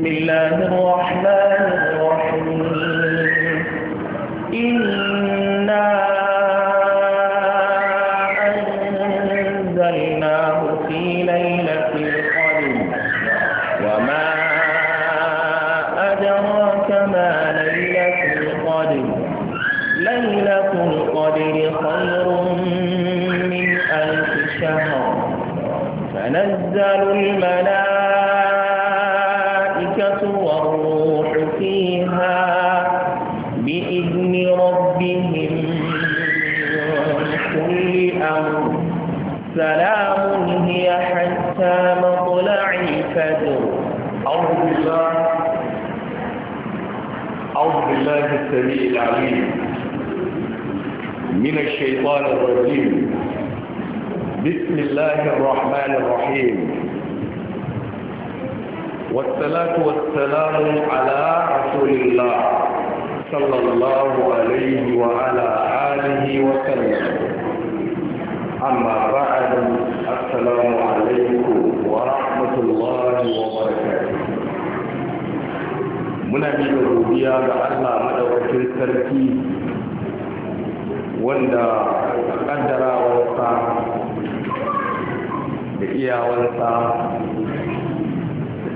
بسم الله الرحمن الرحيم إنا الشيطان الرجيم بسم الله الرحمن الرحيم والصلاة والسلام على رسول الله صلى الله عليه وعلى آله وسلم أما بعد السلام عليكم ورحمة الله وبركاته muna miƙa godiya ga Allah madaukakin sarki wanda kaddarawarsa da iyawarsa da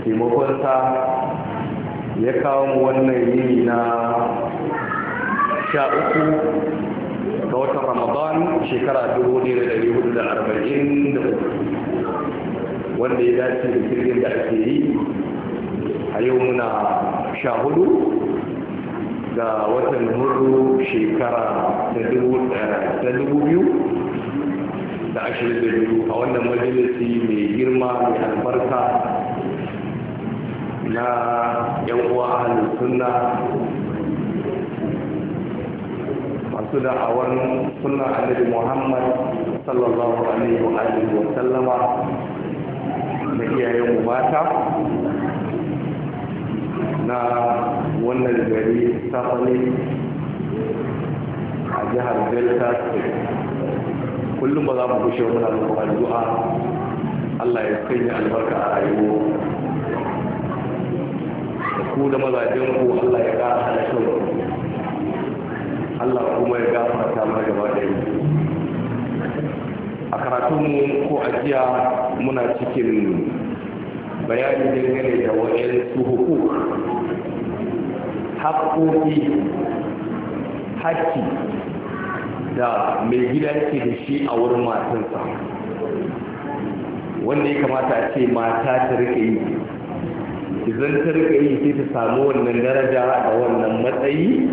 taimakonsa ya kawo mu wannan yini na sha uku ga watan ramadan shekara 1443 wanda ya dace da jirgin da ake yi a yau muna sha hudu ga watan hudu shekara eh, ta dubu biyu da ashirin da biyu a wannan majalisi mai girma mai albarka na yan uwa ahalin sunna masu da'awar sunna annabi muhammad sallallahu alaihi wa alihi wa sallama na iyayen mata na wannan gari fane a jihar delta state kullum ba za mu gushe muna muku addu'a Allah ya sanya albarka a rayuwa ku da mazajen ku Allah ya ƙara halittar Allah kuma ya ta mara gaba da a karatun ko ajiya muna cikin bayani dangane da wajen su haƙoƙi haƙƙi da mai gida yake da shi a wurin matansa wanda ya kamata a ce mata ta rika yi idan ta rika yi sai ta samu wannan daraja a wannan matsayi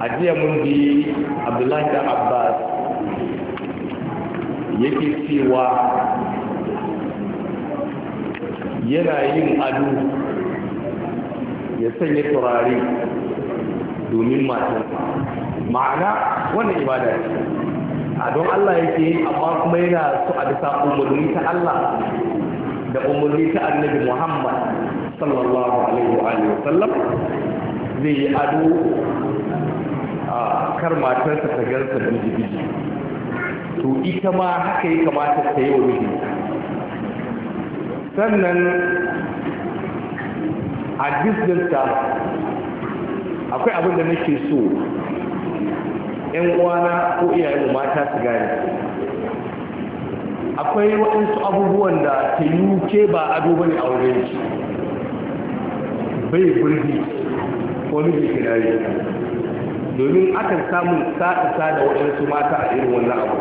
a jiya mun ji abdullahi da abbas yake cewa yana yin ado ya sanya turare domin matan ma'ana wannan ibada ce a don Allah yake amma kuma yana su a bisa umarni ta Allah da umarni ta annabi Muhammad sallallahu alaihi wa sallam zai yi ado a kar matarsa ta gansa da miji to ita ma haka ya kamata ta yi wa miji sannan a disdinta akwai abin da nake so yan uwana ko iyayen mata su gane akwai waɗansu abubuwan da ta yi ke ba ado ba ne a wurin shi bai burbi ko ke kinari domin akan samun sa'isa da waɗansu mata a irin wannan abu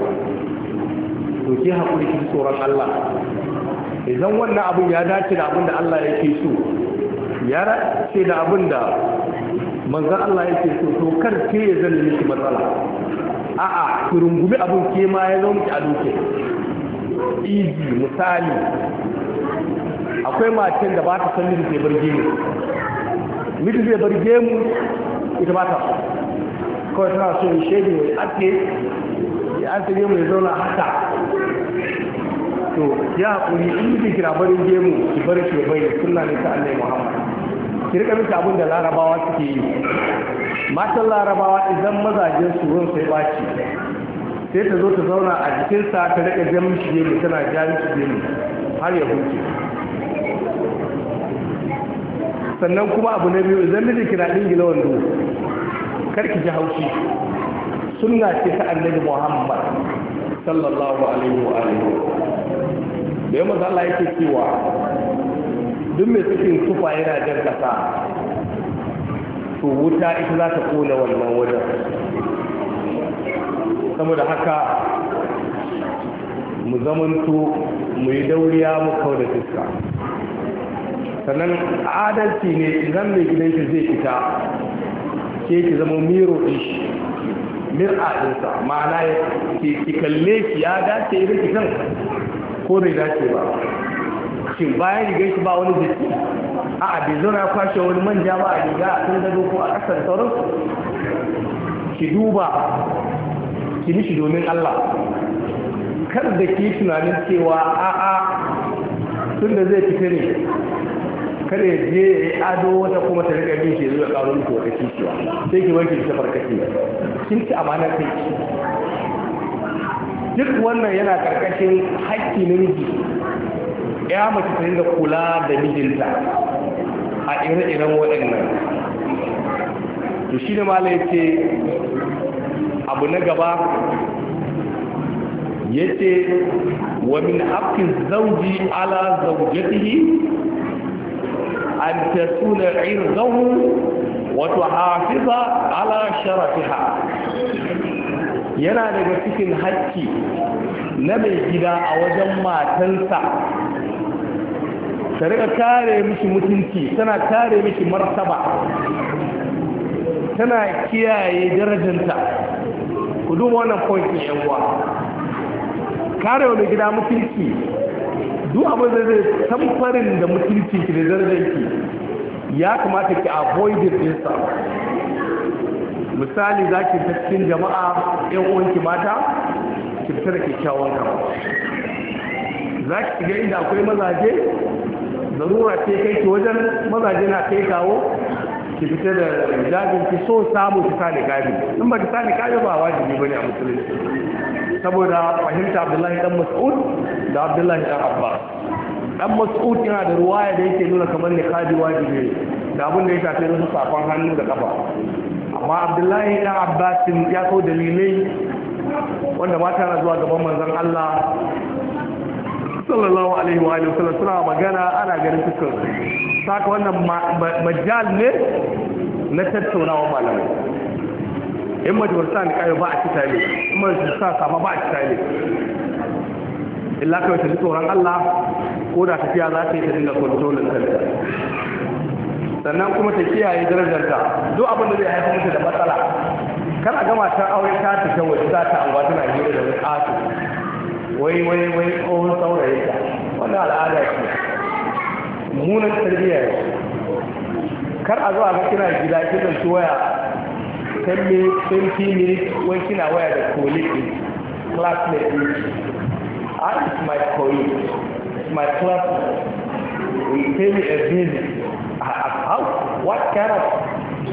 to ke haƙuri ki tsoron Allah idan wannan abin ya dace da abin da Allah yake so ya ce da abin da manzan Allah yake so to kar ce ya zan miki matsala a'a ku rungumi abin ke ma ya zama miki a duke izi misali akwai matan da ba ta san miji zai barge mu miji zai barge mu ita ba ta kawai tana so in shege mai ake ya an sai mai ya zauna haka to ya haƙuri in ji kira barin gemu ki bar ke bayyana sunna ne ta Allah Muhammad ki rika miki abin da larabawa suke yi matan larabawa idan mazajen su ruwan sai baci sai ta zo ta zauna a jikinsa ta rika jan mishi gemu tana ja mishi gemu har ya huce sannan kuma abu na biyu idan miji kina dingila wando kar ki ji haushi sunna ce ta annabi muhammad sallallahu alaihi wa alihi da yamma Allah yake cewa duk mai cikin tufa yana jan kasa to wuta ita za ta kona wannan wajen saboda haka mu zamanto mu yi dauriya mu kawo da fuska sannan adalci ne idan mai gidanki zai fita ke ki zama miro ɗin shi mir'a ɗinsa ma'ana ki kalle ki ya dace irin ki ko bai dace ba ce bayan rigar shi ba wani jiki a abin zauna kwashe wani manja ba a riga a kan gado ko a ƙasar sauran ki duba ki nishi domin Allah kar da ke tunanin cewa a'a tun da zai fita ne kada ya je ya yi ado wata kuma ta rika bin shi zuwa ƙaro miki wata kishiya sai ki wanke ki safar kashi kin ci amana kai duk wannan yana karkashin haƙƙi namiji ya mace ta da kula da mijinta a ire-iren waɗannan to shi ne mala abu na gaba yace wamin min haqqin zawji ala zawjatihi an tasuna irzahu wa tuhafiza ala sharafiha yana daga cikin haƙƙi na mai gida a wajen matansa Ka rika kare miki mutunci tana kare miki martaba tana kiyaye darajanta ku duba wannan pointin yan kare wani gida mutunci duk abin da zai tamfarin da mutunci ki da darajanki ya kamata ki avoid it misali za ki ta cikin jama'a yan uwanki mata ki fita da kyakkyawan kama za ki ga inda akwai mazaje zarura ce kai ki wajen mazaje na kai kawo ki fita da jabin ki so samu ki sa niqabi in ba ki sa niqabi ba wajibi bane a musulunci saboda fahimta Abdullahi dan Mas'ud da Abdullahi dan Abbas dan Mas'ud yana da ruwaya da yake nuna kamar niqabi wajibi da abin da ya shafi rufe safan hannu da kafa amma Abdullahi dan Abbas ya kawo dalilai wanda mata na zuwa gaban manzon Allah sallallahu alaihi wa sallam suna magana ana ganin fuskar saka wannan majal ne na tattaunawa malamai in majalisar sa alƙayo ba a ci ne in majalisar sa sama ba a cika ne. illa kawai ta ji tsoron Allah ko da tafiya za ta yi ta dinga kwantolin ta sannan kuma ta kiyaye darajarta duk abin da zai haifar mutu da matsala kana gama ta aure ta ta waje za ta anguwa tana hira da wani ƙato wai wai wai tsohon saurayi ta wanda al'ada ce munan tarbiyya ne kar a zuwa ga kina gida kina su waya ta minutes 20 minutes wai kina waya da colleague classmate din I ah, is my colleague my classmate will pay me a visit ah, ah, how what kind of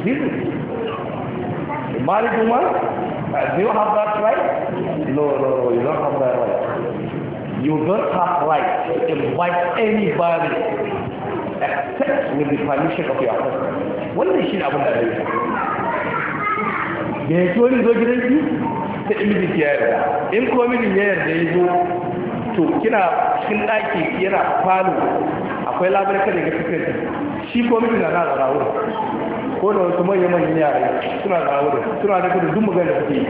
business Married woman? Uh, do you have that right? No, no, no, you don't have that right. You don't have right to invite anybody except with the permission of your husband. Wannan shi ne abin da zai Da ya ci wani zo gidanki? Ta imijin ya yarda. In ko mijin ya yarda ya zo, to kina cikin ɗaki yana falo akwai labarai da ga fitar shi ko mijin na na zaura wurin. ko da wasu manya-manyan yare suna da wurin suna da kudu duk magana da suke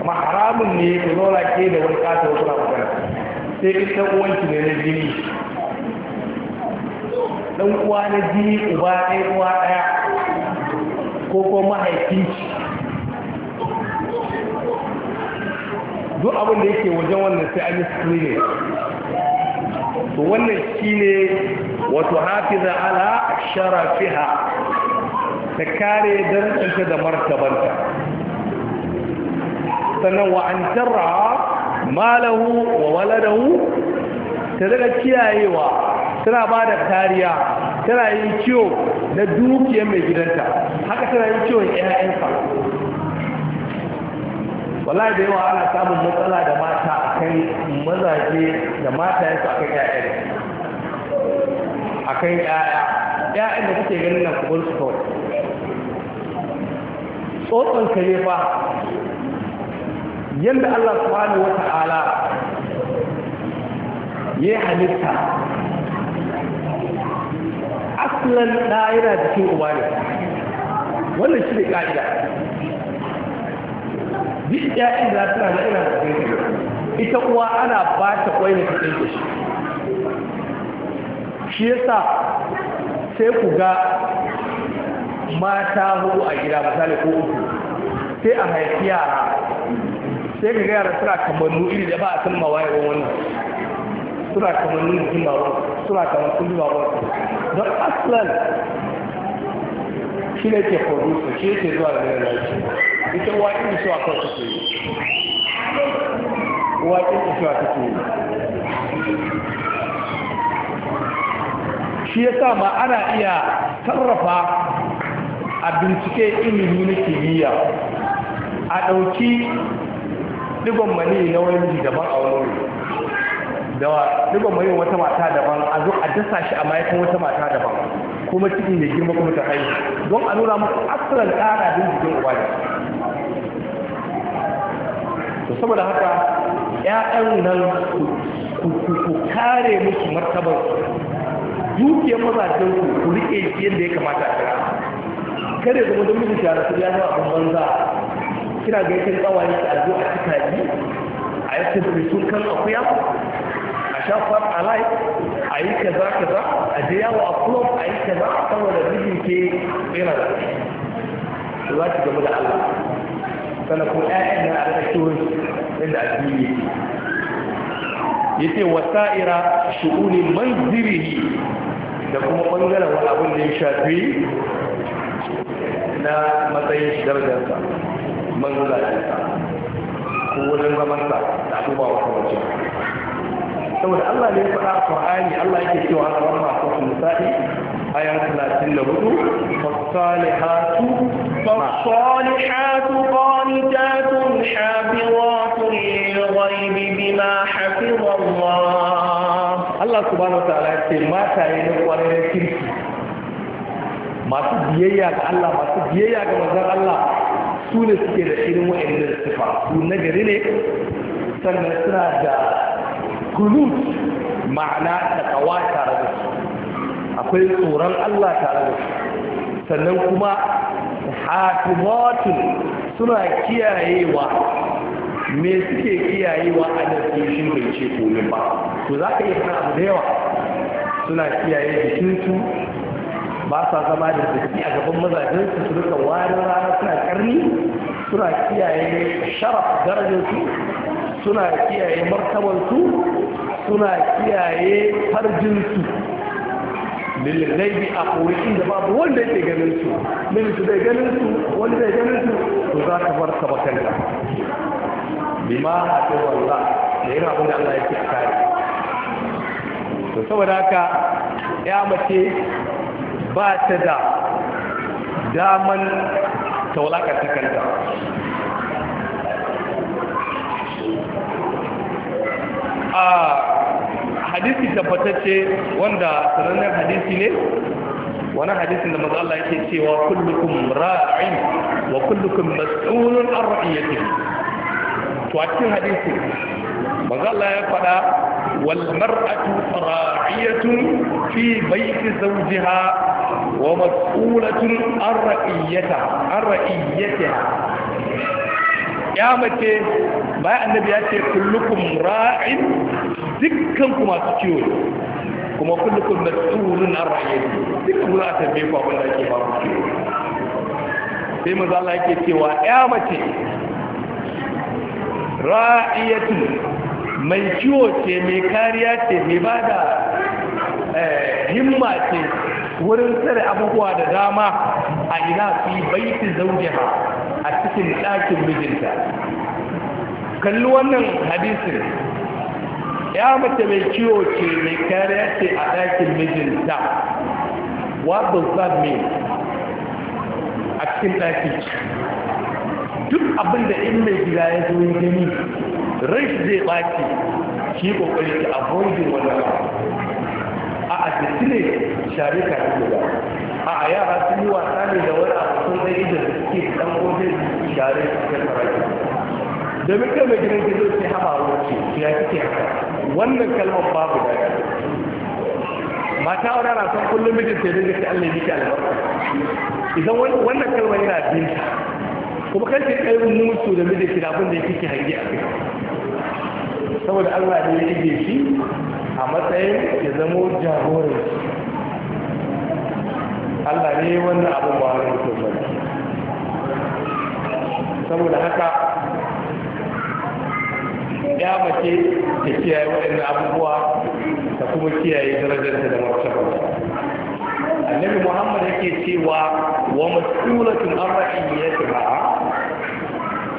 amma haramun ne ka zauna ke da wani ƙasa wasu na sai sai ta uwanci ne na jini dan uwa na jini uba ɗaya uwa ɗaya ko ko mahaifinci duk abin da yake wajen wannan sai an yi screening to wannan shine wato hafiza ala sharafiha Ta kare darajanta da martabanta sannan wa an jarra malahu wa waladahu ta daga kiyayewa tana ba da kariya tana yi ciwo na dukiya mai gidanta haka tana yi ciwon 'ya'yansa wallahi da yawa ana samun matsala da mata a kan mazaje da mata yasa a kan a kan ‘ya'ya ‘ya'yan da kuke ganin na kubar su kawai tsotson kare fa yadda Allah subhanahu wa ta'ala ya halitta asalin da yana cikin uba ne wannan shi ne ƙa'ida duk za ta rana ina da ita kuwa ana ba ta kwai da cikin shi shi yasa sai ku ga mata hudu a gida misali ko uku sai a haifi yara sai ka da suna kamannu iri da ba a san mawayewar wannan suna kamannu jikin babu suna kamannu jikin babu don aslan shi ne ke producer shi ne ke zuwa da nuna lafi ita waƙin da shiwa kawai take yi waƙin da shiwa take yi shi ya sa ma ana iya sarrafa a bincike ilimi na kimiyya a ɗauki digon mani na wani daban a wani da ɗigon mani wata mata daban a zo a dasa shi a mayakan wata mata daban kuma cikin da girma kuma ta haihu don a nuna muku asirar tsara bin jikin uba to saboda haka 'ya'yan nan ku kare musu martabar dukiyar mazajen ku ku rike yadda ya kamata a kira kare zama don mutum shara su ya zama abin banza kina ga yake tsawaye a zo a cika ji a yakin sun kan akuya a sha fat alai a yi kaza kaza a je yawo a club a yi kaza saboda mijin ke tsira da shi za ki gaba da Allah sannan kuma ƴaƴan ina a rika kiwon inda addini yake yace wasa'ira shu'uni manzirihi da kuma bangaren wani abin da ya shafi na matsayin darajarsa manzulacinsa ko wajen zamansa da abubuwa wasu wajen saboda Allah ne faɗa Qur'ani Allah yake cewa a ran masu nisa'i aya 34 fasalihatu fasalihatu qanitatun hafizatun lil bima hafiza Allah Allah subhanahu wa ta'ala ya ce mata ne kwarai da kirki masu biyayya ga Allah masu biyayya ga manzon Allah su ne suke da irin wa'annan sifa su gari ne sannan suna da kunut ma'ana da kawa tare da su akwai tsoron Allah tare da su sannan kuma hatimotin suna kiyayewa me suke kiyayewa a da shi bai ce komin ba to za ka iya fara abu da yawa suna kiyaye jikinsu ba sa zama da zafi a gaban mazajen su su rika warin rana suna karni suna kiyaye sharaf su suna kiyaye su suna kiyaye farjinsu bi a kowai da babu wanda yake ganin su min su dai ganin su wani ganin su to za ka bar ka bakanka bima a ce wallah da yana abin da Allah ya ce kare to saboda haka ya mace ba ta da daman taulakar ta kanta a hadisi tabbatacce wanda sanannen hadisi ne wani hadisi da maza Allah yake cewa kullukum ra'in wa kullukum mas'ulun an ra'iyyatin to a cikin hadisi maza Allah ya faɗa wal mar'atu ra'iyatun fi baiti zawjiha ومسؤولة الرئية الرئية يا متي ما النبي يأتي كلكم راع كما مسؤول كما كلكم مسؤول الرئية رئيته لا تنبيه ولا كيف sai بما Allah yake cewa يا متي ra'iyatu mai ciwo ce mai kariya ce mai bada himma ce wurin tsare abubuwa da dama a ina fi baiti zaujiha a cikin ɗakin mijinta kalli wannan hadisin ya mace mai ciwo ce mai kariya ce a ɗakin mijinta what does that mean a cikin ɗakin duk abin da in mai gida ya zo gani rai zai ɓaci shi ƙoƙari ta wani wannan ka cire share ka da ba a a yara sun yi wasa ne da wani abu sun zai idan suke dan gobe share ka sarari domin kai mai gidan gizo sai haɓa wuce ya kike wannan kalmar babu da ya mata na son kullum mijin sai dinga Allah ya miki idan wannan kalmar yana binta kuma kan kai da mijin ki da abin da ke hangi a kai saboda Allah ne ya ige shi a matsayin ya zamo jagoran Allah ne wannan abin ba wani mutum saboda haka ya mace ta kiyaye waɗannan abubuwa ta kuma kiyaye darajarta da martabarta annabi muhammad yake cewa wa mas'ulatun an ra'iyatiha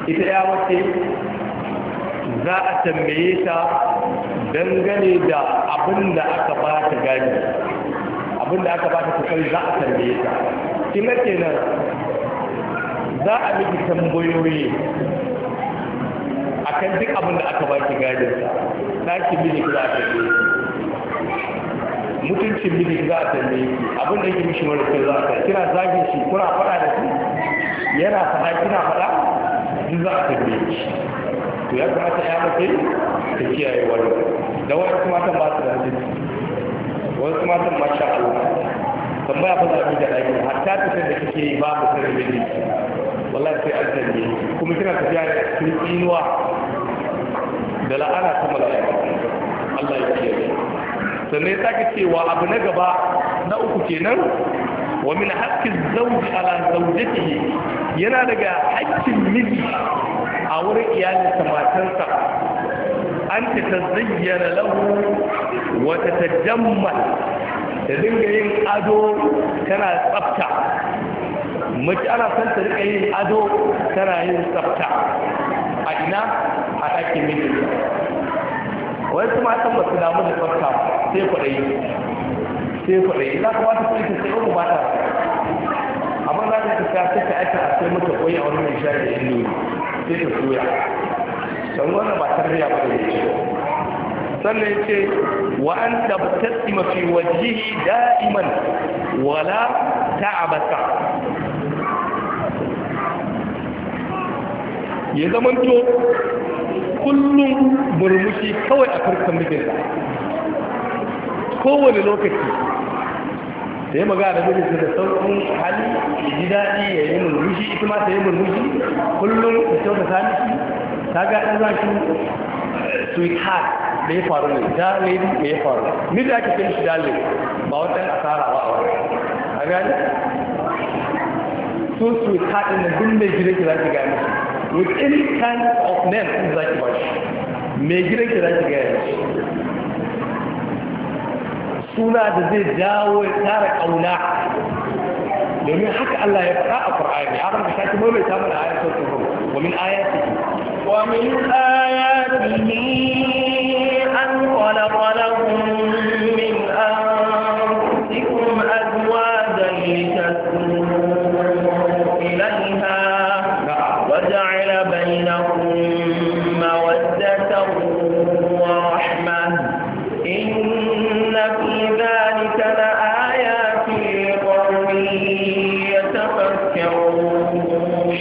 ita ya mace za a tambaye ta dangane da abin da aka ba ta gani abin da aka ba ta kusan za a tambaye ta kila kenan za a miki tambayoyi a kan duk abin da aka ba ki gani ta ki mini za a tambaye mutuncin mini za a tambaye ki abin da yake mishi wani kai za a tambaye kina zagin shi kuna faɗa da shi yana faɗa kina faɗa duk za a tambaye shi to ya kamata ya mace ta kiyaye wani da wasu ta ba su da hadisi wasu matan masha Allah tambaya ba za da ɗaki hatta tafi da kike yi ba sanin da ne wallahi sai an zanje kuma kina tafiya da tsinuwa da la'ana ta mala'ika Allah ya kiyaye sannan ya sake cewa abu na gaba na uku kenan wa min haqqi zawji ala zawjatihi yana daga haƙƙin miji a wurin iyalinsa matarsa an ta ta zayyana lahu wata ta jammal ta dinga yin ado tana tsafta mace ana son ta rika yin ado tana yin tsafta a ina a ɗakin miji wasu matan ba su damu da tsafta sai kwaɗayi sai kwaɗayi za ka wata ta sai uku mata amma za ka ta ta ta a sai ta ta ta wani ta ta ta ta sai ta soya don wannan ba tarbiya ba da yake sannan ce wa an da fi wajhihi da'iman wala ta'abasa ya zamanto kullum murmushi kawai a farkon mijinsa kowane lokaci sai maga da mijinta da sauƙin hali ji daɗi ya yi murmushi ita ma ta yi murmushi kullum ta kyau da miki ta ga ɗan zafin sweetheart da ya faru ne da lady da ya faru ni da ake kai shi dalil ba wata asara ba a wani a gani so sweetheart ɗin da duk mai gidan ki za ki gane with any kind of name ɗin zaki ki ba shi mai gidan ki za ki gane suna da zai jawo ya tara ƙauna domin haka Allah ya faɗa a Qur'ani har da shi mai mai samun wa min ayatihi wa min an khalaqa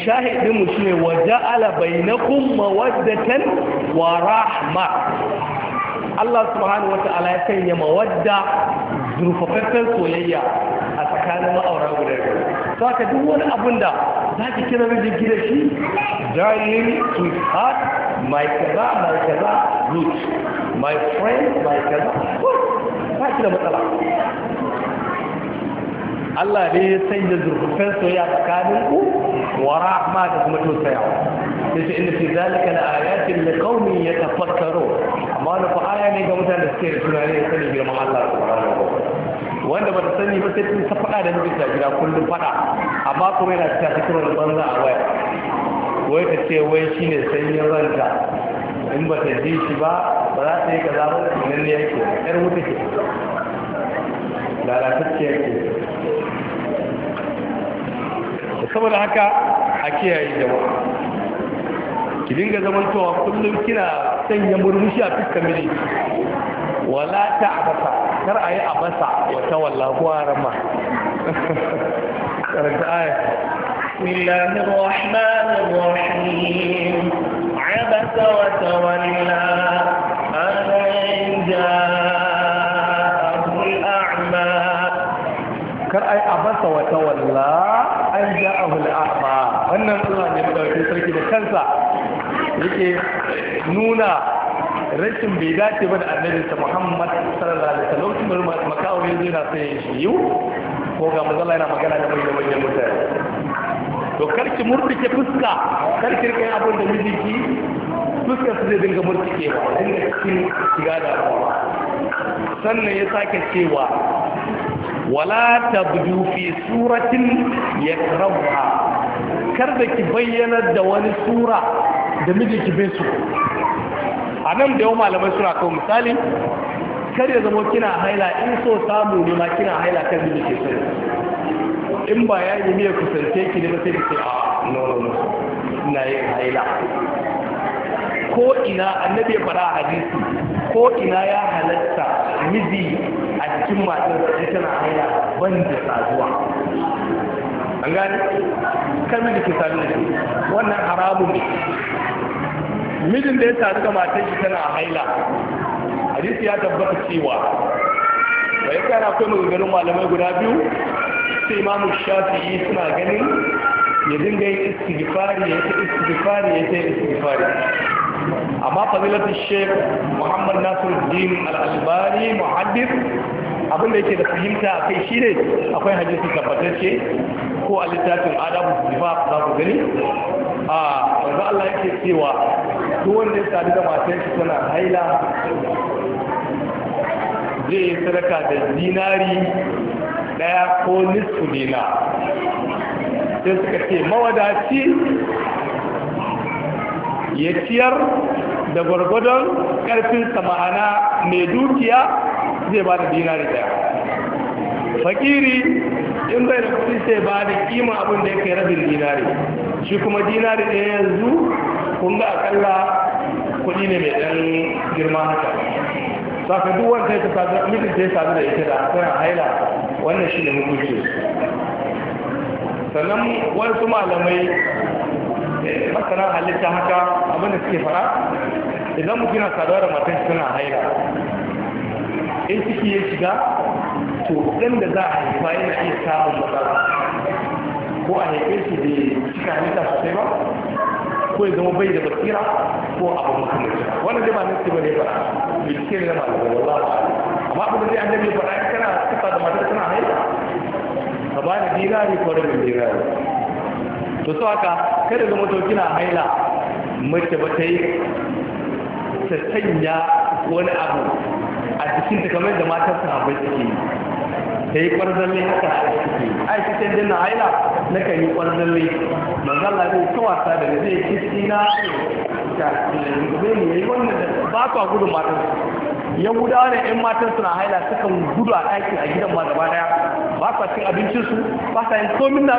shahidinmu shi ne waje alabai na kuma waddatan wa Allah subhanahu wata'ala ta'ala ya sanya mawadda zurfafaffen soyayya a tsakanin ma'aura guda biyu ka duk wani abin da za ki kira mijin ki da shi darling sweetheart my kaza my kaza root my friend my kaza ba ki da matsala Allah ne ya sanya zurfin soyayya tsakanin ku wa rahma da kuma tausayawa yace inna fi zalika la ayatin li qaumin yatafakkarun amma da fa aya ne ga mutanen da suke da tunani ya sani girman Allah subhanahu wa wanda ba ta sani ba sai ta faɗa da mijinta gida kullum faɗa amma kuma yana fita ta banza a waya wai ta ce wai shine sanyin ranta in ba ta ji shi ba ba za ta yi kaza ba nan ne yake yar wuta ke lalatacce saboda haka a kiyaye jama'a ki dinga zamantowa kullum kina sanya murmushi a fuskar miji wala ta abasa kar a yi abasa wata wallahu harama karanta aya بسم الله الرحمن الرحيم عبس وتولى أن جاءه الأعمى كرأي عبس وتولى an ja'ahu al-a'ma wannan Allah ne madaukakin sarki da kansa yake nuna rashin bai dace ba da annabinsa Muhammad sallallahu alaihi wasallam kuma makawo ne yana sai shi ko ga mazala yana magana da mai manyan mutane to karki murtike fuska karki rike abin da mijinki fuska su zai dinga murtike ba dinga cikin shiga da sannan ya sake cewa wala tabdu fi suratin yakraha kar da ki bayyana da wani sura da mijinki bai so a nan da yau malamai suna kawo misali kar ya zama kina haila in so samu ne ma kina haila kan miji ke sani in ba ya yi miyar kusance ki ne ba sai ki a no no no ina yin haila ko ina annabi ya fara hadisi ko ina ya halatta miji jikin matar da tana haila ban da saduwa an gani? kan da ke sadu da shi wannan haramun ne mijin da ya sadu da matan shi tana haila hadisi ya tabbata cewa bai kana akwai maganganun malamai guda biyu sai imamu shafi'i suna ganin ya dinga yin istighfari ya ta istighfari ya ta istighfari amma fadilatu sheikh muhammad Nasiru din al-albani muhaddis abin da yake da fahimta a kai shine akwai hadisi tabbatacce ko a littafin adabu zifa za ku gani a wanzu Allah yake cewa duk wanda ya sadu da matan shi tana haila zai yi sadaka da dinari daya ko nisfu dina sai suka ce mawadaci ya ciyar da gwargwadon karfin sama'ana mai dukiya zai ba da dinari daya fakiri in bai da kudi sai ba da kima abin da ya kai rabin dinari shi kuma dinari ɗaya yanzu kun ga akalla kudi ne mai ɗan girma haka saka duk wanda ya tafi mutum sai sami da ita da a haila wannan shi ne hukunci sannan wasu malamai eh, masana halitta haka abin da suke fara idan mutum yana saduwa da matan suna haila in ciki ya shiga to ɗan da za a haifa yana iya samun matsala ko a haife shi da cika ta sosai ba ko ya zama bai da basira ko a abu makamanci wannan dai ba na ce ba ne ba bincike ne na malamai Ba amma abin da zai an dabe faɗa kana kasa da matar tana haifa ka ba da dinari ko da bin dinari to so haka kada zama to kina haila mace ba ta yi ta sanya wani abu a cikin ta kamar da matan sahabbai suke yi ta yi kwarzalle haka suke yi ai ta sai dinna haila na kan yi kwarzalle manzan lafiya ta wasa da ne zai kiski na ta zai ne yi wannan ba su gudun matan yahudawa ne yan matan suna haila sukan gudu a ɗaki a gidan ma gaba daya ba sa cin abincinsu ba sa yin komin na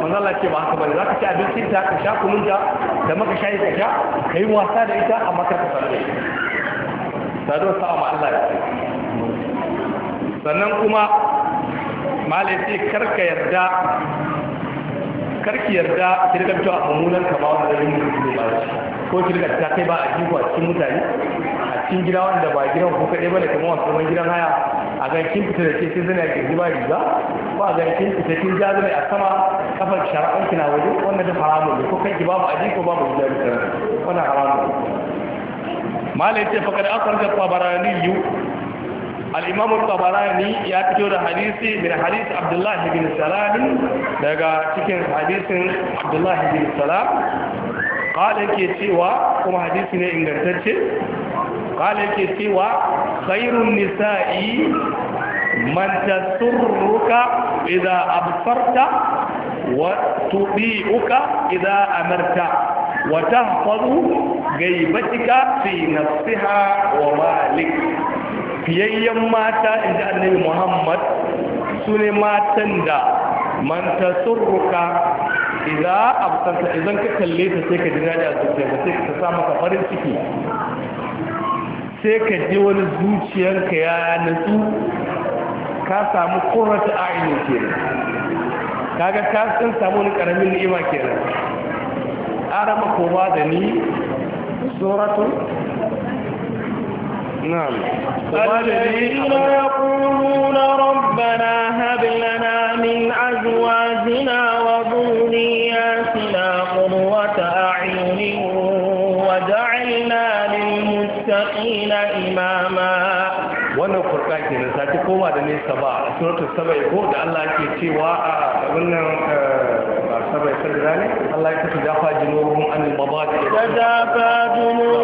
manzala ce ba haka bane za ka ci abincin ta ka sha kunun ta da maka shayi ka sha ka yi wasa da ita a makar ka sarari saduwar sa'a ma Allah ya ce sannan kuma malaiti karka yarda karki yarda ki rika fitowa a mummunan kama wanda zai yi ba shi ko ki rika ta kai ba a ko a cikin mutane a cikin gida wanda ba gidan ku kaɗai ba ne kamar wasu kamar gidan haya a ga kin fita da ke sai zana ke ba riga ko a ga kin fita kin ja zana a sama kafar shar'an kina waje wannan da haramun ne ko kai ki babu a jiko babu gidan wannan haramun ya ce fakar akarjar tabarani yu al'imamun tabarani ya fito da hadisi min hadisi abdullahi bin salamin daga cikin hadisin abdullahi bin salam ƙada ke cewa kuma hadisi ne ingantacce ƙada ke cewa khairun nisa'i man tasurruka idan Abfarta, wa tudi'uka idan amarta وتحفظ غيبتك في wa malik fiyayyen mata inda annabi muhammad sune matan da manta surruka idan absanta idan ka kalle ta sai ka ji daji a zuciya sai ka sa maka farin ciki sai ka ji wani zuciyarka ya nutsu. ka samu kurata ainihin kenan kaga ka san samu wani karamin ni'ima kenan arama ko ba da ni suratu na'am ko ba da ni yaquluna rabbana hab lana min azwajina wa dhurriyyatina qurrata a'yunin waj'alna lil muttaqina imama wannan furka da ni ba suratul sabai ko da Allah ke cewa a wannan يسر ذلك الله يكتب جافا جنوبهم عن المضاجع تجافى جنوبهم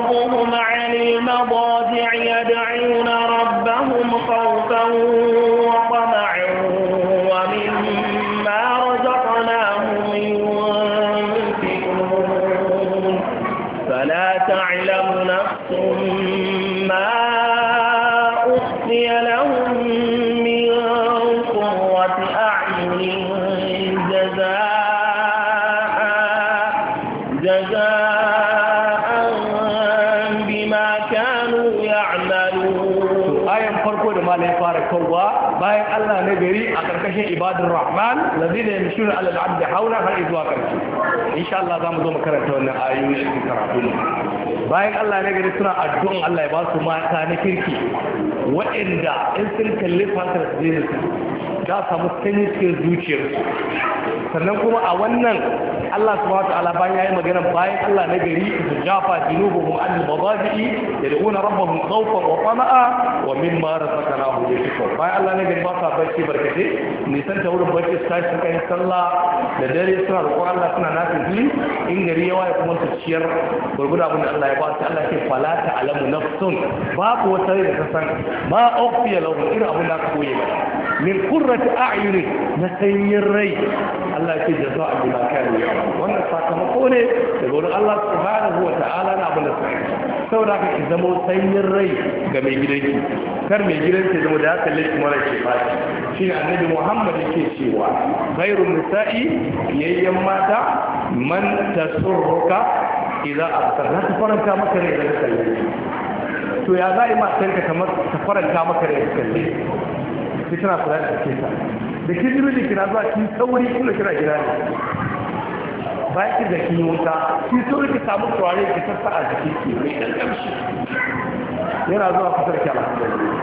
insha Allah za mu zo mu karanta wannan ayoyi cikin karatu bayan Allah ya gari suna addu'an Allah ya ba su mata na kirki waɗanda in sun kalli fatar su zai za su samu sanyi cikin zuciyar sannan kuma a wannan Allah subhanahu ta'ala ya yi magana bayan Allah na gari su jafa jinubuhum an al da'una rabba mu khawfan wa tama'a wa min ma razaqana hu yashkur bayan Allah ne gari ba sa barci barkate nisan ta wurin barci su tashi suka yi sallah da dare suna roƙon Allah suna nasu fili in gari yawa ya kuma su ciyar gurguda abin da Allah ya ba su Allah ke fala alamu nafsun babu wata rai da ta san ma ukhfiya lahu irin abin da aka koye min kurrati a'yuni na sanyin rai Allah ya ce jaza a bima kanu wannan sakamako ne daga wurin Allah subhanahu wa ta'ala na abin da suka yi saboda haka ki zama sanyin rai ga mai gidanki kar mai gidanki zama da haka laifi mara ke fashi shi ne annabi Muhammad yake cewa khairun nisa'i yayyan mata man tasurruka idza asarna ta faranta maka ne daga kalle to ya za'i ma kanka kamar ta faranta maka ne daga kalle sai kana kula da ake ta da kin ji miji kira zuwa kin sauri kula kira gida ne ba ki da kin wuta ki so ki samu turare ki sassa a jiki ki mai dan kamshi yana zuwa kusa da ki alhamdulillah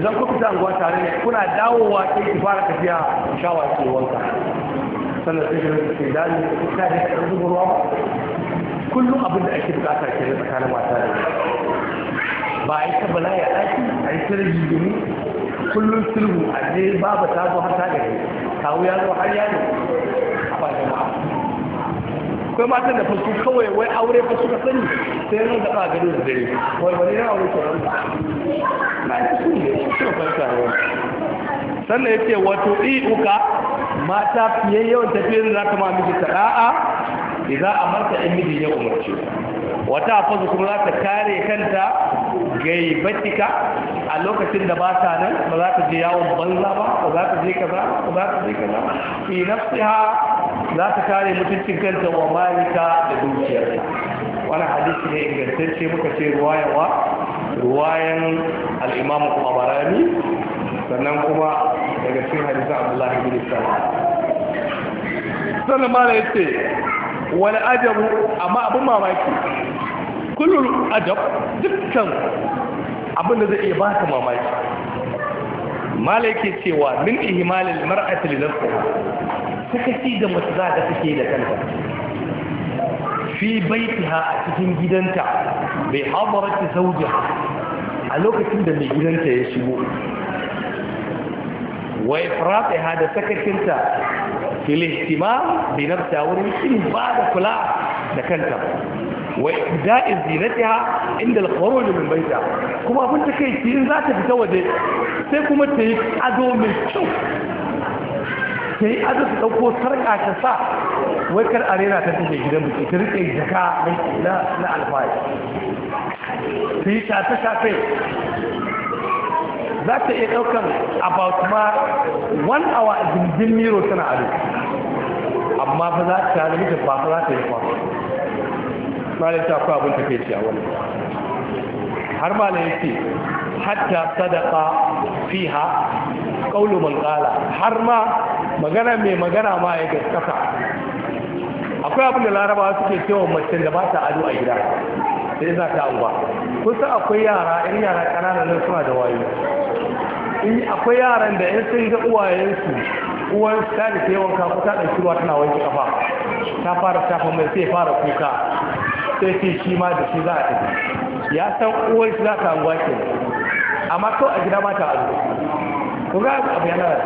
idan ku fita anguwa tare ne kuna dawowa sai ki fara tafiya shawa ki wanka sannan sai ki rinka sai dani ta da ka zuba ruwa kullum abin da ake bukata ke tsakanin mata da ba a yi ta bala ya ɗaki a yi ta rigimi kullum sulhu a je babu ta zo hata da gari kawo ya zo har ya a ba jama'a akwai ma da fasu kawai wai aure fa suka sani sai yanzu da ba gado da dare wai wani na aure ba? na yi su ne su fanta wa sannan ya ce wato uka, mata fiye yawan tafiyar za ta ma miji aa, idan amarta in miji ya umarce wata fasu kuma za ta kare kanta gaibatika a lokacin da ba ta nan ba za ta je yawon banza ba ba za ta je kaza ba za ta je kaza fi nafsiha za ta kare mutuncin kanta wa malika da dukiyarta wani hadisi ne ingantacce muka ce ruwayawa ruwayan al'imamu kwabarani sannan kuma daga cikin hadisan abdullahi bin islam sannan mala ce wani ajabu amma abin mamaki kullum adab dukkan abin da zai iya ba ta mamaki mala yake cewa min ihmalil mar'ati li nafsiha sakaci da mace za ta take da kanta fi baitiha a cikin gidanta bai hadarati zawja a lokacin da mai gidanta ya shigo wa ifratiha da sakacinta filistima bai bi wurin in ba da kula da kanta wa da'iz zinatiha inda al-khuruj min baita kuma abin da kai in za ta fita waje sai kuma ta yi ado mai kyau ta yi ado ta ɗauko sarka ta sa wai kar arena ta tafi gidan biki ta rike jaka mai na na alfai ta yi shafe shafe za ta iya daukan about ma one hour jirgin miro tana ado amma fa za ta yi ta fafa za ta yi fafa malin ta akwai abin tafiye ce a wani har malai yake hatta sadaka fiha kaulu Mangala, har ma magana mai magana ma ya gaskata akwai abin da larabawa suke cewa mace da ba ta ado a gida sai za ta abuwa kusa akwai yara in yara ƙananan nan suna da wayo in akwai yaran da 'yan sun ga uwayensu uwan ta da ta wanka ko ta ɗauki ruwa tana wanke kafa ta fara tafa mai sai fara kuka sai ce shi ma da shi za a tafi ya san uwar shi za ta anguwa ke amma to a gida mata a ko ga abu yana da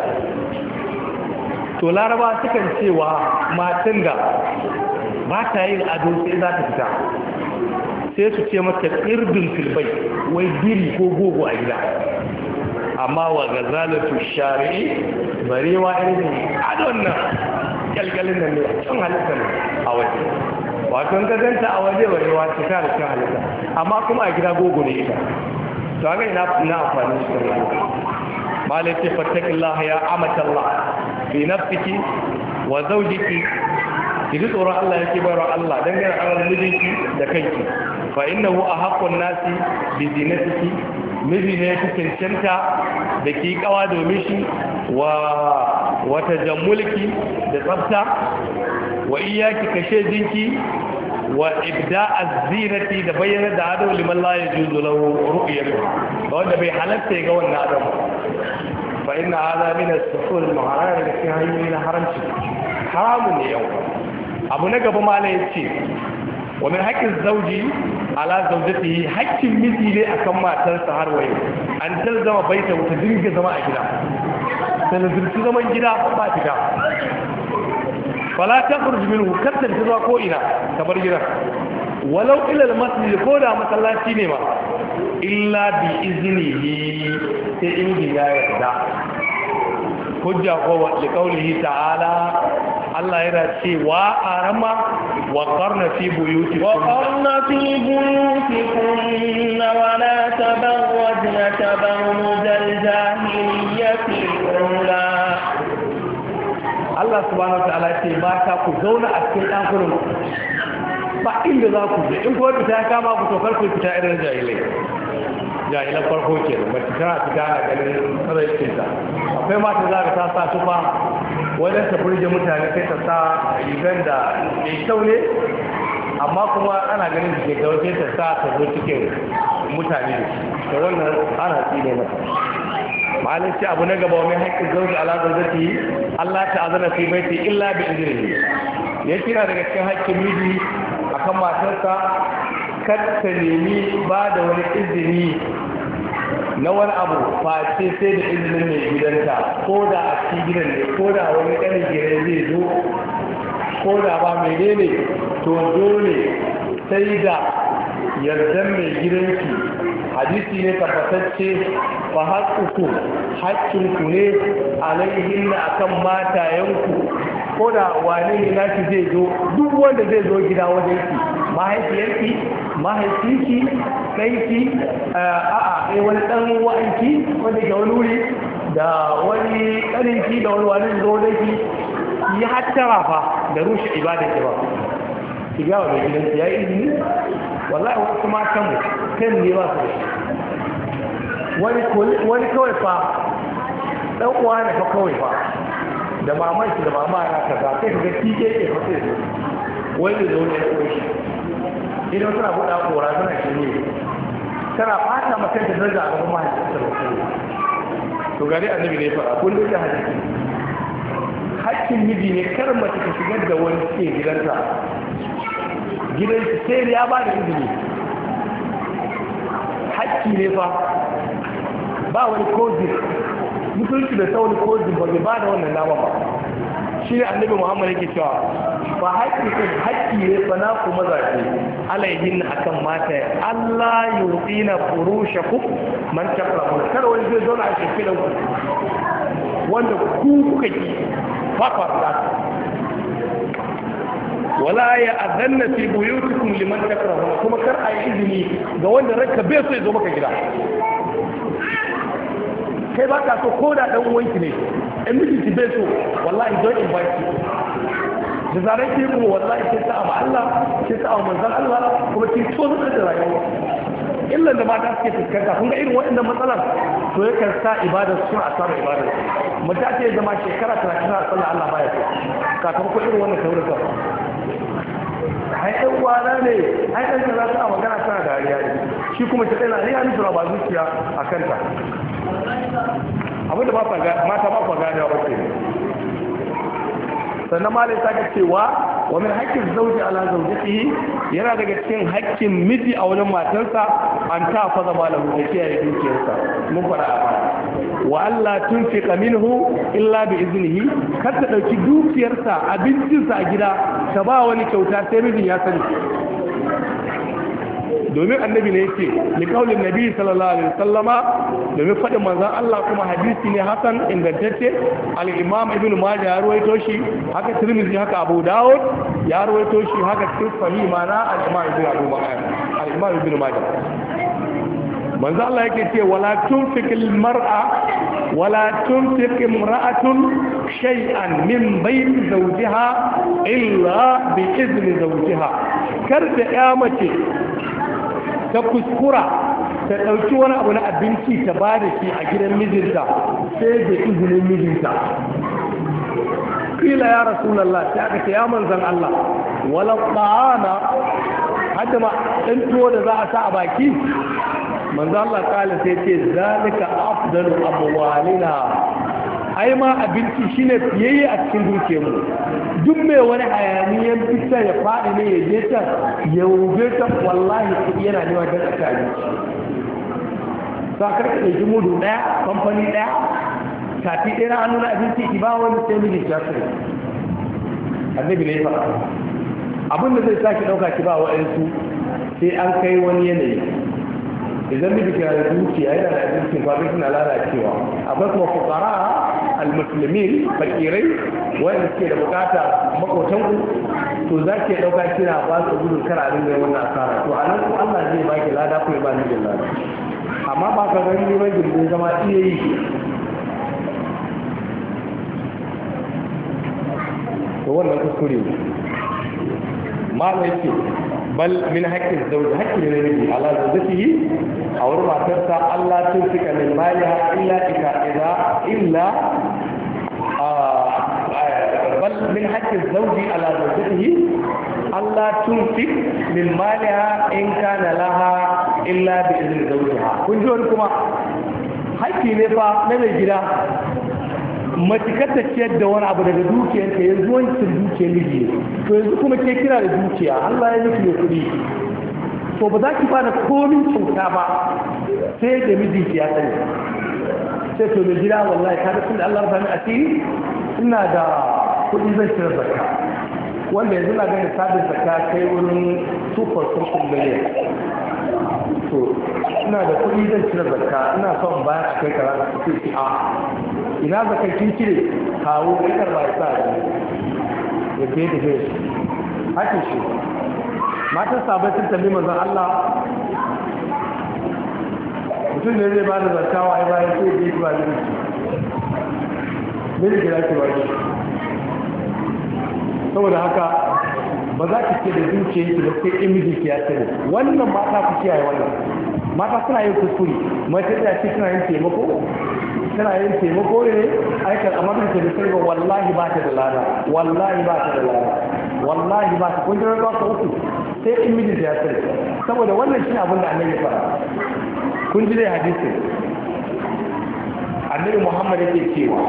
to laraba sukan cewa matan da ba ta yin ado sai za ta fita sai su ce mata irdin filbai wai biri ko gogo a gida amma wa gazalatu shari'i barewa irin adon nan halin nan ne cikin halittar a waje wato ka ganta a waje waje wato ta da cin halitta amma kuma a gida gogo ne ita to a gani na amfani shi da gogo malaki fattakillaha ya amatallah fi nafsiki wa zawjiki ki ji tsoron Allah yake bayar Allah don gana an mijinki da kanki fa innahu ahaqqun nasi bi zinatihi miji ne ya cancanta da ki kawa domin shi wa wata jammulki da tsafta wa iyaki kashe jinki wa ibda azinati da bayyana da ado liman la yajuzu lahu ru'yatu ba wanda bai halatta ga wannan adam fa inna hadha min as-suhul muharrar da cikin hanyoyi na haramci ne yau abu na gaba malai yace wa min haqqi zawji ala zawjatihi haqqin miji ne akan matarsa har wayo an talzama baita wata dinga zama a gida da nazarci zaman gida ba fita fala ta kurji minhu kattar ta zuwa ko ina ta bar gidan walau ilal masjid ko da masallaci ne ma illa bi iznihi sai in gida ya yarda hujja ko li qawlihi ta'ala Allah yana cewa arama wa qarna fi buyutikum wa qarna fi buyutikum wa la tabarrajna tabarrujal jahiliyyah Allah subhanahu wataala ce ta ku zauna a cikin ɗakunan ba inda za ku je in kuma fita ya kama ku tokar ku fita irin jahilai jahilan farko ke mace tana fita na ganin tsaraikin ta akwai mata za ka sa su ba wajen ta burge mutane sai ta sa rigan da mai kyau ne amma kuma ana ganin da ke gaushe ta sa ta zo cikin mutane da wannan ana tsine mata malin ce abu na gaba wani haƙƙin zauji alaƙar zaki Allah ta azana fi mai illa bi izini ya kira daga cikin haƙƙin miji akan matarsa kar ta nemi ba da wani izini na wani abu face sai da izinin mai gidanta ko da a cikin gidan ne ko da wani ɗan gidan zai zo ko da ba mai menene to dole sai da yardan mai gidanki hadisi ne tabbatacce fa haƙƙuku haƙƙinku ne alaihin akan matayenku ko da wani ne naki zai zo duk wanda zai zo gida wajen ki mahaifiyarki mahaifinki ɗanki a'a eh wani ɗan wa'anki wanda ke wani wuri da wani ɗaninki da wani wani zo wajen ki ya hattara fa da rushe ibadar ki ba ki ga wa mai gidanki ya yi izini wallahi wani kuma kanmu kan ne ba su wani kawai fa ɗan uwa ne fa kawai fa da maman shi da mama na ka za kai ga tike ke fa sai zo wai da zo ne ko shi idan suna buɗa kora suna ne. tana fata maka da zaga a gaban mahaifinsa ba kowa to gari annabi ne fa kun da hadisi hakkin miji ne kar mace ta shigar da wani ke gidanta gidan shi sai ya ba da izini haƙƙi ne fa ba wani kozin mutunci da sauri kozin ba bai ba da wannan dama ba shi ne annabi muhammadu yake cewa ba haƙƙi ne fa na ku mazaje alayhin akan mata Allah furu shaku man tafrahu kar wani zai zauna a shekilan ku wanda ku kuka ki ba ku wala ya azanna fi buyutikum liman takrahu kuma kar a yi izini ga wanda ranka bai so ya zo maka gida kai ba ka so ko da dan uwanki ne in miji ki bai so wallahi don't invite you da zarar ki kuma wallahi ki ta abu Allah ki ta abu manzon Allah kuma ki so da rayuwa illa da mata suke fuskanta kun ga irin waɗannan matsalar to ya kan sa ibadar su a samun ibadar mata ce zama shekara 30 na sallah Allah baya ka kuma irin wannan taurin ai ɗan kwana ne ai ɗan kaza tana magana tana dariya ne shi kuma ta ariya ne ya ba zuciya a kanta abinda ba mata ba kwa ba ce sannan ma lai sake cewa wa min haƙƙin zauji ala zaujihi yana daga cikin haƙƙin miji a wajen matarsa an ta faza malahu da kiyaye dukiyarsa mun fara a baya wa Allah tunfiqa minhu illa bi iznihi kar ta dauki dukiyarsa abincinsa a gida ta ba wani kyauta sai mijin ya sani domin annabi ne yake li kaulin nabi sallallahu alaihi wasallama domin fadin manzon Allah kuma hadisi ne hasan ingantacce al-imam ibn majah ya ruwaito shi haka tirmidhi haka abu dawud ya ruwaito shi haka tirmidhi mana al-imam ibn abu al-imam ibn majah manzo Allah yake ce wala tunfikil mar'a wala tunfik imra'atun shay'an min bayti zawjiha illa bi izni zawjiha kar da ya mace ta kuskura ta ɗauki wani abu na abinci ta ba da shi a gidan mijinta sai da izinin mijinta kila ya rasulallah ta aka ce ya manzan Allah wala ta'ana hadda ma ɗan tuwo da za a sa a baki manzan Allah kala sai ce zalika afdalu amwalina ai ma abinci shine fiyayye a cikin dukiyar mu duk mai wani hayaniyan fita ya faɗi ne ya je ta ya wube ta wallahi kuɗi yana ne wajen a abinci za ka rika ɗauki mudu ɗaya kamfani ɗaya tafi ɗaya an nuna abinci ki ba wani sai miji ya kare annabi ne ya faɗa abin da zai sake ɗauka ki ba wa'ansu sai an kai wani yanayi idan miji kira da dukiya yana da abincin kwaɗin na lalacewa akwai kuma fukara almusulmi fakirai wanda suke da bukata makotan ku to za ki dauka kira ba su gudun kar a dinga wannan asara to a nan Allah zai ba ki lada ku ya ba ni da lada amma ba ka gani ba gindin zama iya yi to wannan kuskure ne ma ce bal min haƙƙin zauji haƙƙin ne ne zai zaujatihi a wurin matarsa Allah tun suka min maliya illa ika ila illa bal min haqqi zawji ala zawjatihi Allah tun fi min maliya in kana laha illa bi izni zawjiha kun ji wani kuma haƙƙi ne fa na mai gida matikata ta da wani abu daga dukiyar ka yanzu wani dukiyar miji to yanzu kuma ke kira da dukiya Allah ya nufi kuɗi to ba za ki ba da komin cuta ba sai da miji ya sani sai to mai gida wallahi ka da tunda Allah a asiri ina da kuɗi zan shirar zakka wanda yanzu na ganin sabin zakka kai wurin super super million to ina da kuɗi zan shirar zakka ina son bayan a kai su sai a ina zakka kin cire kawo kai karba ya sa ya je da shi haka shi matan sabai sun tambi manzon Allah mutum ne zai ba da zartawa ai bayan sai da yake ba da ne da ke ba shi saboda haka ba za ki ce da zuciya ki da sai imiji ki ya ce wannan mata ku kiyaye wannan mata suna yin kuskure mai tafiya ce suna yin taimako tana yin taimako ne aikar amma da ta da ba wallahi ba ta da lada wallahi ba ta da lada wallahi ba ta kun jira ba ku uku sai in mijinta ya sani saboda wannan shi abin da annabi fara kun ji dai hadisi annabi muhammad yake cewa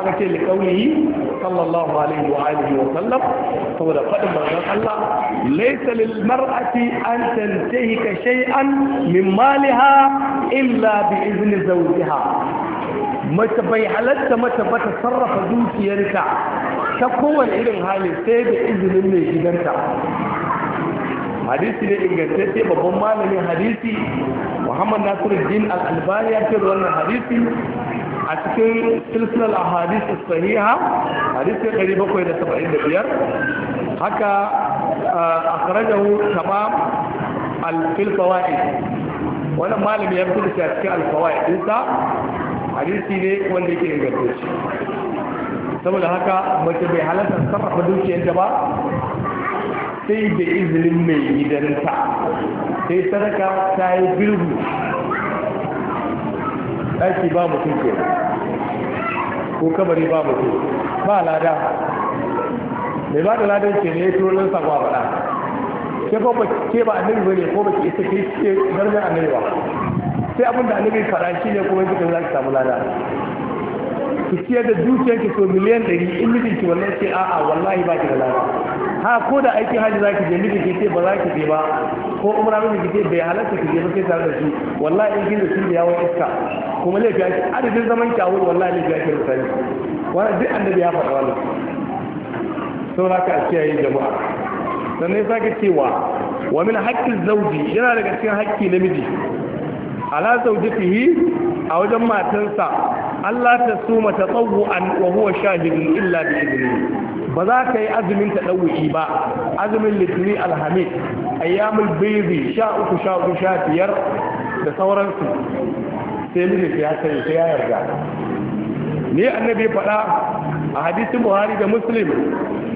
aka ce li qawlihi sallallahu alaihi wa alihi wa sallam saboda fadin manzon Allah laysa lil mar'ati an tantahika shay'an min maliha illa bi izni zawjiha mace bai halatta mace ba ta sarrafa dukiyarta ta kowane irin hali sai da izinin mai gidanta hadisi ne ingantacce babban malamin hadisi muhammad nasiruddin al-albani ya ce wannan hadisi a cikin silsilar ahadis sahiha hadisi 775 haka akhrajahu tamam al-fil fawaid wannan malamin ya fito da cikin al-fawaid hadisi ne wanda yake ingantacce saboda haka mace bai halatta sarrafa ta ba sai da izinin mai gidanta sai sadaka ta yi birgu ɗaki ba mutum ke ko kamari ba mutum ba lada mai ba da ladan ke ne ya turo nan sakwa faɗa ke ba ke ba annabi ko ba ke isa ke ce zarmin annabi ba sai abin da annabi faɗa shi ne kuma kika za ki samu lada ki ciyar da dukiyar ki so miliyan ɗari in mijin ki wallahi ce a'a wallahi ba ki da lada ha ko da aikin hajji za ki je mijin ki ce ba za ki je ba ko umra mijin ki ce bai halatta ki je ba sai tare da shi wallahi in kin da shi da yawon iska kuma laifi ya ce adadin zaman ki a wuri wallahi laifi ya ce sani wannan duk annabi ya faɗa wannan za ka a kiyaye jama'a sannan ya sake cewa wa min haƙƙin zauji yana daga cikin haƙƙi namiji ala zawjatihi a wajen matansa Allah ta suma ta tsawo an wa huwa shahidun illa bi idni ba za ka yi azumin ta dawi ba azumin litini alhamis ayyamul baydi sha uku sha uku sha da sauransu sai mijinta ya sai ya yarda ne annabi faɗa a hadisin buhari da muslim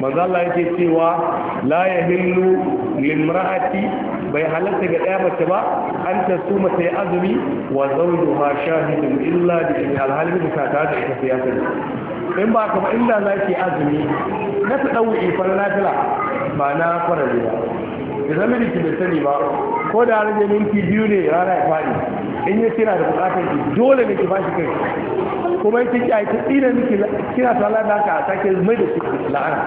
manzala yake cewa la ya hillu limra'ati bai halatta ga ɗaya mace ba an ta su mata azumi wa zauju ha shahidin illa da ilmi alhalin da ta da ita sai ya sani in ba kama inda za ki azumi na ta ɗauki fara nafila ba na fara ne ba zama da ki bai sani ba ko da rage minti biyu ne rana ya fadi in yi kira da bukatar ki dole ne ki ba shi kai kuma kika yi aiki tsina miki kina ta Allah da aka sake mai da suke la'ana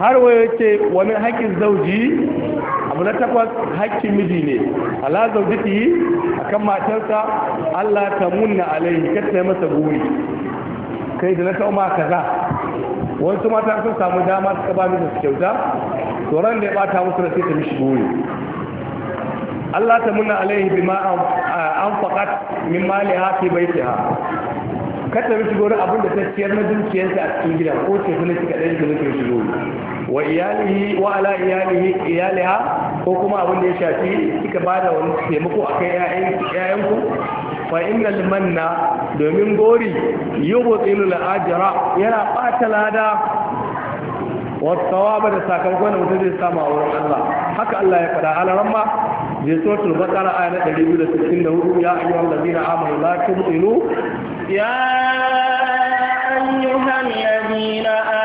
har waye yace wani min zauji abu na takwas haƙƙin miji ne ala a akan matarsa Allah ta munna alaihi ta masa guri kai da na kawo ma kaza wasu mata sun samu dama suka ba mijin su kyauta to ran da ya bata musu da sai ta mishi Allah ta munna alaihi bima an faqat min maliha fi baitiha kata mishi goyo abin da ta ciyar na dukiyarsa a cikin gida ko ce kuma shi kadai da nake shigo wa iyalihi wa ala iyalihi iyaliha ko kuma abin da ya shafi kika bada wani taimako akan yayan ku fa innal manna domin gori yubtilu al-ajra yana bata lada wa thawaba da sakamakon da mutum zai samu a wurin Allah haka Allah ya fada alaran ma je suratul baqara aya na 264 ya ayyuhal ladina amanu la tubtilu ya ayyuhal ladina amanu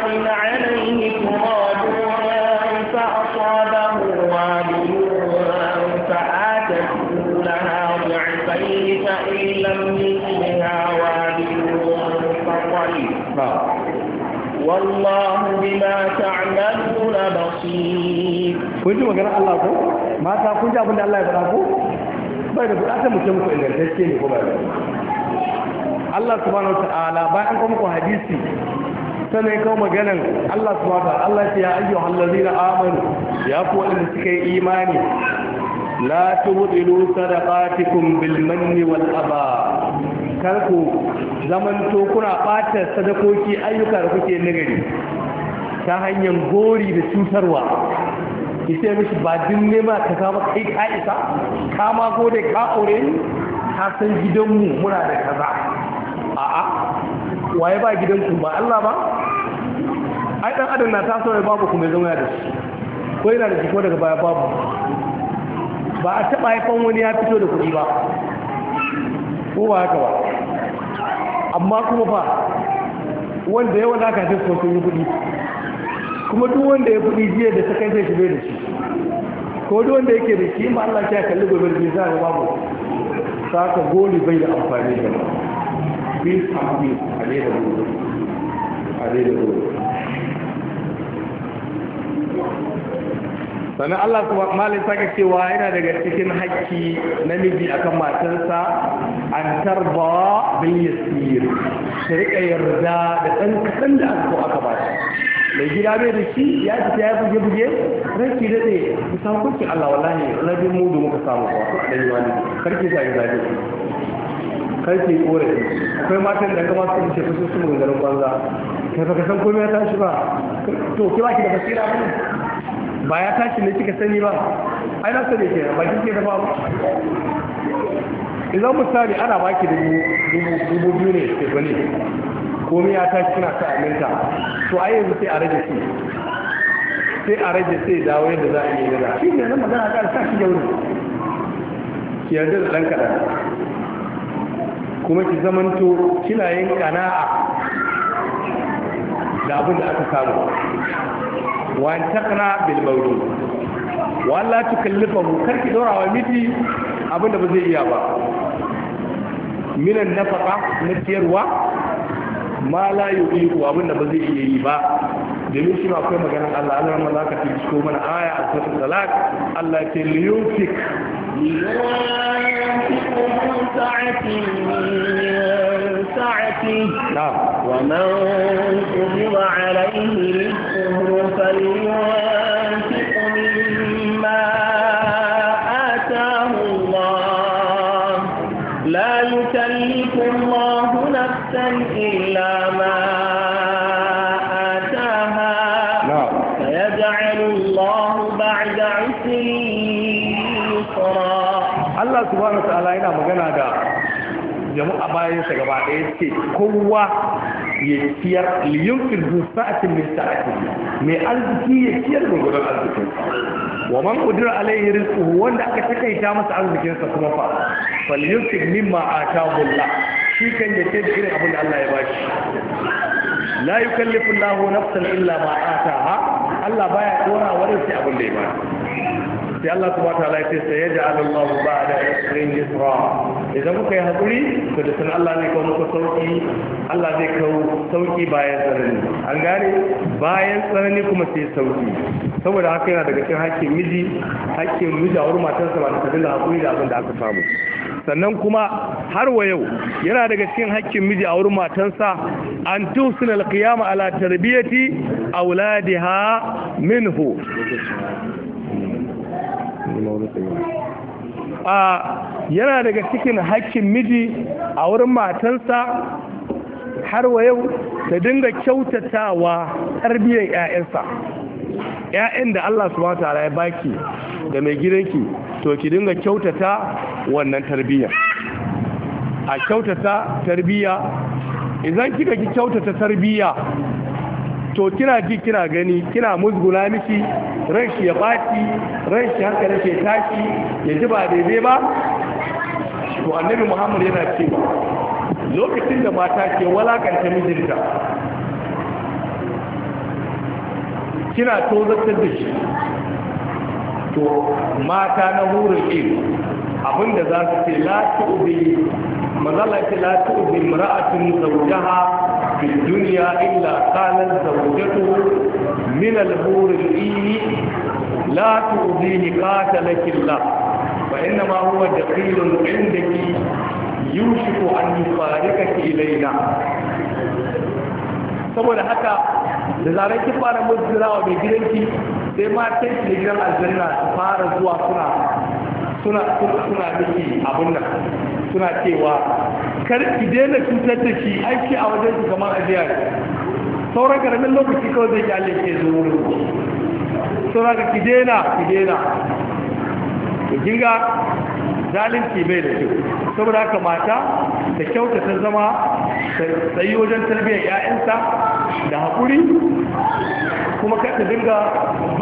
والله بما تعملون بصير كنت مغنى الله كو ما الله يبقى da bukatar mutum ku ingantacce ne Allah subhanahu ta'ala bayan kuma ku hadisi sannan kawo maganan Allah subhanahu ta'ala Allah ya ayyu hallazina amanu ya ku wanda suka yi imani la tubdilu sadaqatikum bil manni wal aba kar ku to kuna ɓatar sadakoki ayyuka da kuke nagari ta hanyar gori da cutarwa ki sai mishi ba din nema ka kama kai ka isa ka ma ko da ka aure ni ka san gidanmu muna da kaza a'a waye ba gidanku ba Allah ba ai dan adam na taso ya babu kuma zama da shi ko yana da jiko daga baya babu ba a taba haifan wani ya fito da kuɗi ba ko ba haka ba amma kuma fa wanda yawa na kafin sun yi kudi kuma duk wanda ya kudi jiya da ta kai shi bai da shi ko duk wanda yake da shi ma Allah ya kalli gobe da za ga babu saka goli bai da amfani da bi a alai da gobe alai da gobe sannan Allah malin saka cewa yana daga cikin haƙƙi namiji kan matarsa an tarba bin yasir ta riƙa yarda da ɗan kaɗan da aka aka ba shi mai gida bai da shi ya ci ta ya buge buge ranki da ne ku samu kuki Allah wallahi mu mudu muka samu ba ku da yiwa ne karki sa ga zaɓe karki kore akwai matan da kama sun ce su su mun kwanza banza kai baka san komai ta tashi ba to ki ba ki da basira ne ba ya tashi ne kika sani ba ai na sani ke ba kike da babu idan misali ana baki dubu biyu ne ke bane komai ya tashi kina ta aminta to ai yanzu sai a rage shi sai a rage sai dawo yadda za a yi da shi ne na magana ga sa shi gauri ki yarda da ɗan kaɗan kuma ki zamanto kina yin kana'a da abin da aka samu wa taqna bil Wala wa Allah tukallifahu karki dora wa miji abinda ba zai iya ba minan nafaqa na ciyarwa ma la yuqiqu abinda ba zai iya yi ba domin shi akwai maganar Allah Allah ma za ka fi ko mana aya a suratul talaq Allah ta liyufik sa'ati na'am wa man qudira alayhi jama'a bayansa gaba ɗaya ce kowa ya ciyar liyun filhu sa'atin min sa'ati mai arziki ya ciyar da gudun arzikin wa man kudura alaihi rizquhu wanda aka takaita masa arzikin sa kuma fa falyusib mimma ataahu Allah shi kan yace da irin abin da Allah ya bashi la yukallifu Allahu nafsan illa ma ataaha Allah baya dora wani sai abin da ya bashi sai Allah subhanahu wa ta'ala ya ce sayaj'alu Allahu ba'da yusrin yusra idan muka yi haƙuri to da sanar Allah zai kawo muku sauƙi Allah zai kawo sauƙi bayan tsanani an gane bayan tsanani kuma sai sauƙi saboda haka yana daga cikin hakkin miji hakkin miji a wurin matarsa ba ta dinga haƙuri da abin da aka samu sannan kuma har wa yau yana daga cikin hakkin miji a wurin matansa an tusina alqiyama ala tarbiyati auladiha minhu a yana daga cikin hakkin miji a wurin matansa har wa yau ta dinga kyautatawa tarbiyyar 'ya'yansa 'ya'yan da Allah su mata ta'ala ya baki da mai gidanki to ki dinga kyautata wannan tarbiyya a kyautata tarbiyya idan kika ki kyautata tarbiyya to kina ji kina gani kina musguna miki ran shi ya baki ran shi haka rake tashi ya ji ba daidai ba to annabi muhammad yana cewa lokacin da mata ke walakanta mijinta kina zartar da shi to mata na hurin ilu abinda za su ce la tu'bi mazala la tu'bi mara'atun zawjaha في الدنيا إلا قالت زوجته من الهور الإيه لا تؤذيه قاتلك الله وإنما هو دخيل عندك يوشك أن يفارقك إلينا saboda haka da zarar ki fara mutsira wa mai gidanki sai matan ki gidan aljanna su fara zuwa suna suna suna miki abin nan suna cewa kar ki daina cutar da shi aiki a wajen shi kamar ajiyar. sauran karamin lokaci kawai zai ki Allah ke zo wurin sauran ka ki daina ki daina ki kinga zalunci bai da kyau saboda ka mata da kyauta ta zama tsayi wajen tarbiyyar 'ya'yansa da haƙuri kuma kar ta dinga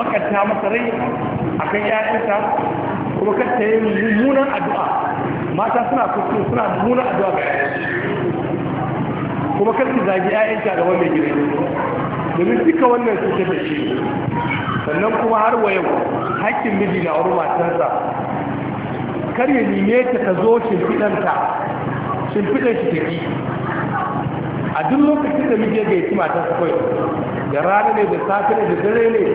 makanta masa rai akan 'ya'yansa kuma kar ta yi mummunan addu'a mata suna kusur suna nuna addu'a ga kuma karki ki zagi 'ya'yanta da gaban mai gida domin duka wannan su ta sannan kuma har wa yau hakkin miji na wani matarsa kar ya nime ta ka zo shimfiɗanta shimfiɗan shi ta a duk lokacin da miji ga yaki matarsa kawai da rana ne da safe ne da dare ne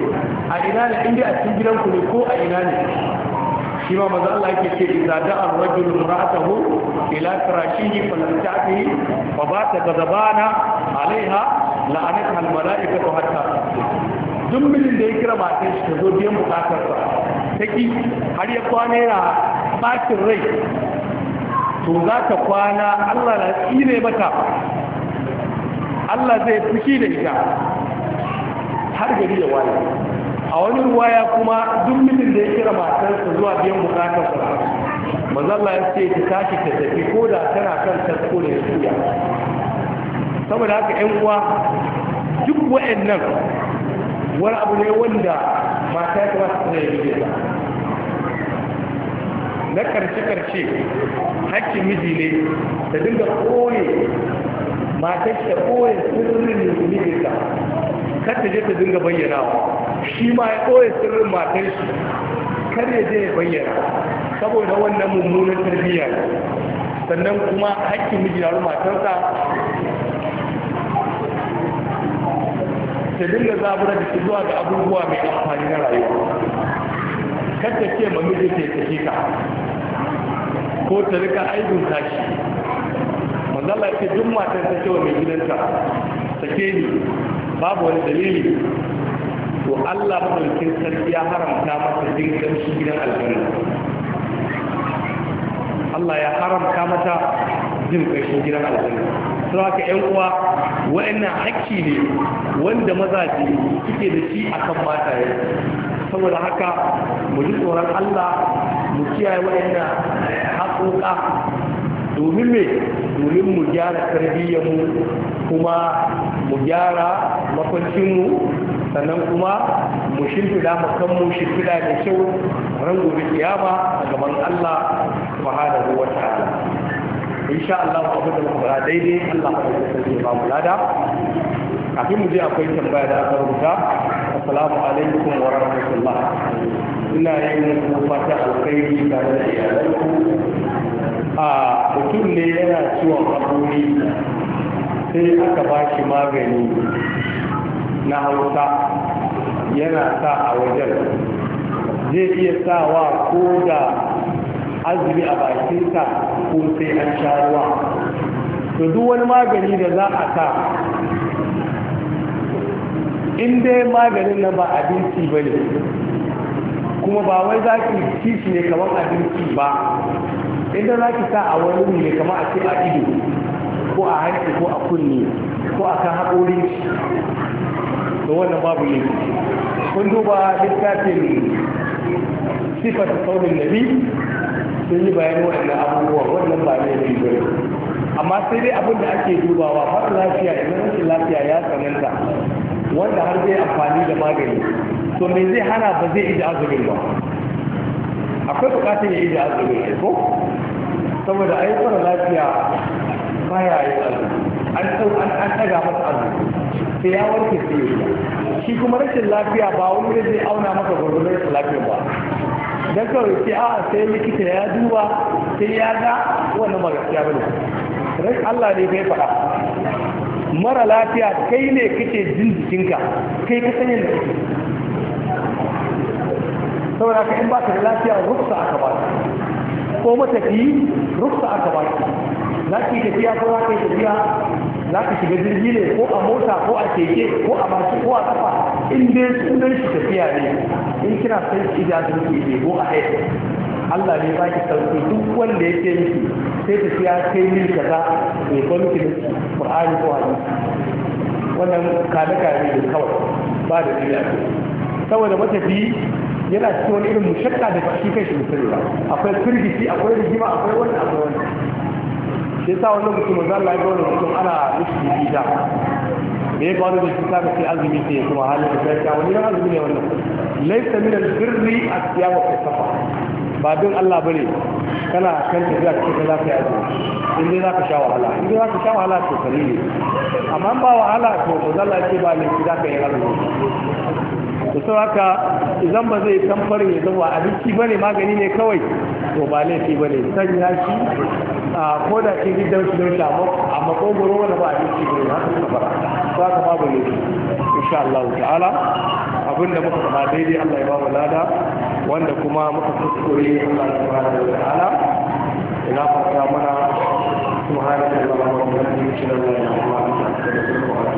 a ina ne inda a cikin gidanku ne ko a ina ne shi ma maza Allah yake ce idza da'a ar-rajulu imra'atahu ila fa ba ta bata alaiha 'alayha la'anatha al ta hatta duk mijin da ya kira matan shi ta zo biyan bukatar sa ta har ya kwana yana bacin rai to za ta kwana Allah na tsine mata Allah zai fushi da ita har gari ya waye a wani ruwaya kuma duk mutum da ya kira matarsa zuwa biyan bukatar sa mazalla ya ce ta tashi ta tafi ko da tana kan tasko da suya saboda haka yan uwa duk wa'annan wani abu ne wanda mata ya kamata su zai bige ta na karshe-karshe hakkin miji ne ta dinga koye matar ta koye sirrin mijinta kar ta je ta dinga bayyana wa shi ma ya ɓoye sirrin matar shi kar ya je ya bayyana saboda wannan mummunan tarbiyya sannan kuma haƙƙin miji na matarsa ta dinga zabura da zuwa ga abubuwa mai amfani na rayuwa kar ta ce ma miji ke tafi ka ko ta rika aibin tashi manzala ce duk matar ta ce wa mai gidanta sake ni babu wani dalili to Allah mulkin sarki ya haramta masa jin kamshi gidan aljanna Allah ya haramta mata jin kamshi gidan aljanna to haka ƴan uwa wa'annan hakki ne wanda maza mazaje suke da shi akan mataye saboda haka mu ji tsoron Allah mu kiyaye wa'annan haƙoƙa domin me domin mu gyara tarbiyyarmu kuma mu gyara makwancinmu sannan kuma mu shimfiɗa mu kan mu shimfiɗa da kyau ran gobe kiyama a gaban Allah subhanahu wa ta'ala insha Allah ku da mu fara daidai Allah ya da ba mu lada kafin mu je akwai tambaya da aka rubuta assalamu alaikum wa rahmatullah ina yin muku fata alkhairi tare da iyalanku a mutum ne yana ciwon haƙuri sai aka ba shi magani na hausa yana sa a wajen zai iya sawa ko da azumi a bakinsa ko sai an sha ruwa to duk wani magani da za a sa in dai maganin na ba abinci ba ne kuma ba wai za ki ci shi ne kamar abinci ba inda za ki sa a wani ne kamar a ce a ido ko a haiti ko a kunne ko a kan haƙorin shi da wannan babu yin kun duba littafin sifar saurin nabi sun yi bayan waɗannan abubuwa wannan ba ne fi bane amma sai dai abin da ake dubawa har lafiya idan rashin lafiya ya tsananta wanda har zai amfani da magani to me zai hana ba zai iji azumin ba akwai bukatar ya iji azumin ne ko saboda yi fara lafiya baya yin azumi an an masa sai ya warke sai ya shi kuma rashin lafiya ba wani ne zai auna maka gwargwadon rashin lafiya ba don kawai sai a sai likita ya duba sai ya ga wannan ba gaskiya bane rai Allah ne kai faɗa mara lafiya kai ne kake jin jikinka kai ka sanya da kake saboda ka in baka da lafiya ruksa aka ba ko matafi ruksa aka ba na ke tafiya ko za ka yi tafiya za ka shiga jirgi ne ko a mota ko a keke ko a baki ko a kafa in dai sunan shi tafiya ne in kira sai ki da su ke ko a haifu Allah ne ba ki sauki duk wanda yake miki sai tafiya kai mil kaza mai ba miki da Qur'ani ko hadisi wannan kada kare ne kawai ba da dila saboda matafi yana cikin wani irin mushakka da shi kai shi musulmi ba akwai firgici akwai rigima akwai wani akwai wani sai sa wani lokaci manzo Allah ya ga wani mutum ana mishi bibita me ya kawo da shi sa sai azumi sai kuma halin da sai wani ran azumi ne wannan birni a siya asyamu kasafa ba don Allah bane kana kan tafiya cikin za ka yi azumi in dai za ka sha wahala in dai za ka sha wahala to kare ne amma ba wahala to manzo Allah ya ce ba laifi za ka yi azumi da sau haka idan ba zai tamfarin ya zama abinci ba ne magani ne kawai to ba laifi ba ne sanya shi a koda ke ji don shi don shi a makogoro wani ba a yi ci gori haka suka fara ba ka babu ne insha Allah ta'ala abinda muka fara daidai Allah ya babu lada wanda kuma muka kuskure Allah ya babu ta'ala ina fata mana subhanallahi wa bihamdihi la ilaha illa huwa